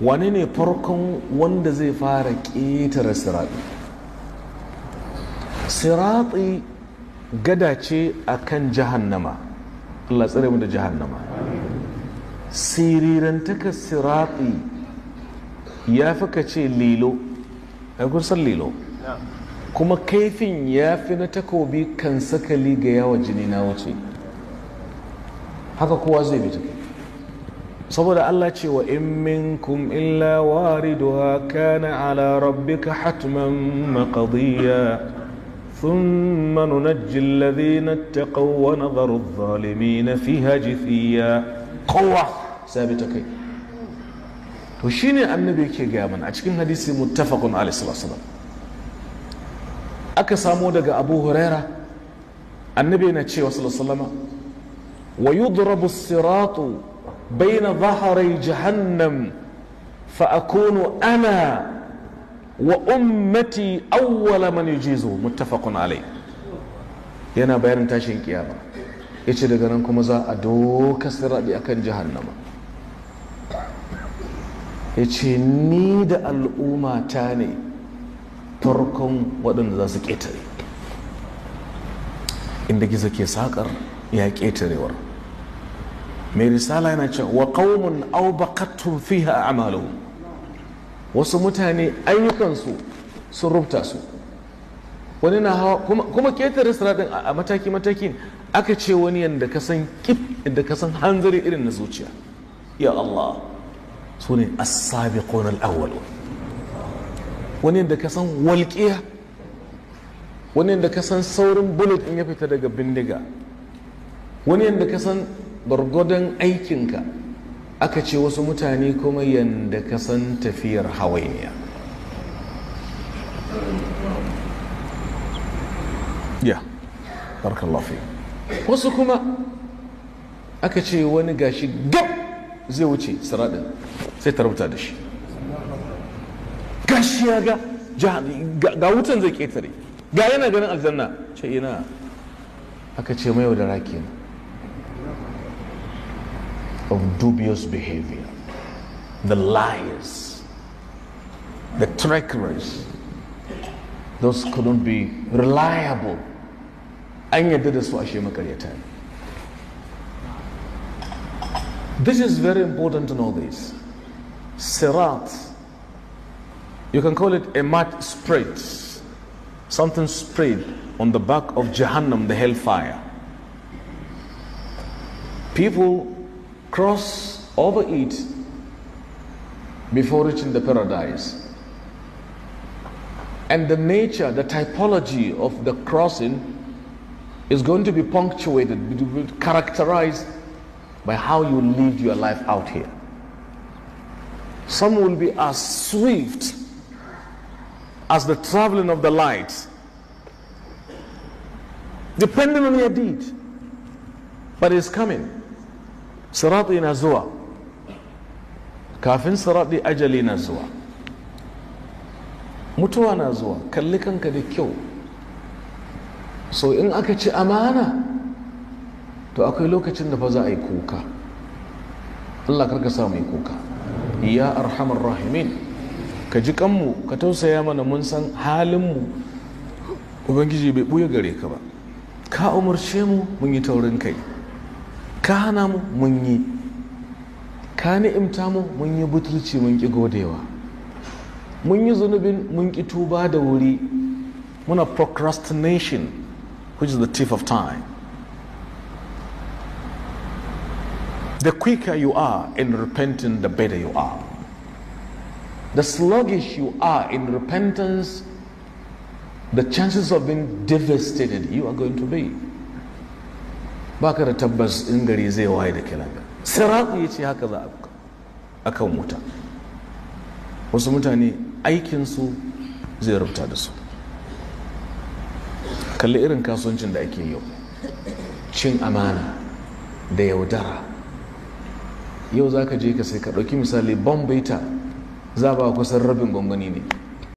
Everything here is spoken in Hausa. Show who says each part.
Speaker 1: Wani ne farkon wanda zai fara ƙetare siraɗi siraɗi gada ce a kan jahannama allah tsere da jahannama sirirantaka siraɗi ya fi ka ce lilo ya lilo kuma kaifin ya fi na takobi kan sakali ga wa jini na wuce haka kowa zai bi saboda Allah ce wa in minkum illa wariduha kana ala rabbika hatman maqdiya thumma nunajji alladhina ittaqaw wa nadharu na fi fiha fiya. kowa sabita kai to shine annabi ke ga mana a cikin hadisi muttafaqun alaihi sallallahu aka samo daga Abu Huraira annabi na cewa sallallahu wa yudrabu siratu بين ظهري جهنم فأكون أنا وأمتي أول من يجيزه متفق عليه yana bayanin tashin kiyama ya ce daga nan kuma za a doka sirabi a kan jahannama ya ce ni da al'ummata ne farkon waɗanda za su ƙetare inda gizo ke saƙar ya ƙetarewar mai risala yana cewa wa qaumun aw baqattum fiha a'maluhum wasu mutane ayyukansu sun rubuta su wani na hawa kuma ketare siratin a mataki mataki aka ce wani yadda ka san kif yadda ka san hanzari irin na zuciya ya Allah su ne as-sabiqun al-awwal wani yadda ka san walƙiya wani yadda ka san saurin bullet in ya fita daga bindiga wani yadda ka san gwargwadon aikinka aka ce wasu mutane kuma yadda ka san tafiyar hawainiya ya lafi wasu kuma aka ce wani gashi gab zai wuce siraɗin sai tarauta da shi gashi ya ga ga wutan zai ketare ga yana ganin aljanna ce ina aka ce mai da rakina na of dubious behavior, the liars, the treacherous. Those couldn't be reliable. An yadda da su ashe makaryata. This is very important to know this. Sirat, you can call it a mat spread, something spread on the back of Jahannam, the hellfire. People cross over it before reaching the paradise. And the nature, the typology of the crossing is going to be punctuated, characterized by how you live your life out here. Some will be as swift as the traveling of the light, depending on your deed. But it's coming. siratu na zuwa kafin siratu ajali na zuwa mutuwa na zuwa kalli kanka da kyau so in aka ci amana to akwai lokacin da fa za a yi kuka allah karka sa mai kuka ya arhamar rahimin ka ji kanmu ka tausaya mana mun san halinmu ubangiji bai ɓuya gare ka ba ka umarce mu mun yi taurin kai ka hana mu mun yi ka ni'imta mu mun yi butulci mun ki godewa mun yi zunubin mun ki tuba da wuri muna procrastination which is the thief of time the quicker you are in repenting the better you are the sluggish you are in repentance the chances of being devastated you are going to be baka da tabbas in gari zai waye da kilanga siraku ya ce haka za a kan wuta wasu mutane aikinsu zai rubuta da su kalli irin kasuwancin da ake yau cin amana da yaudara yau za ka je ka sai ka ɗauki misali bambaita za ba kusan rabin gwangwani ne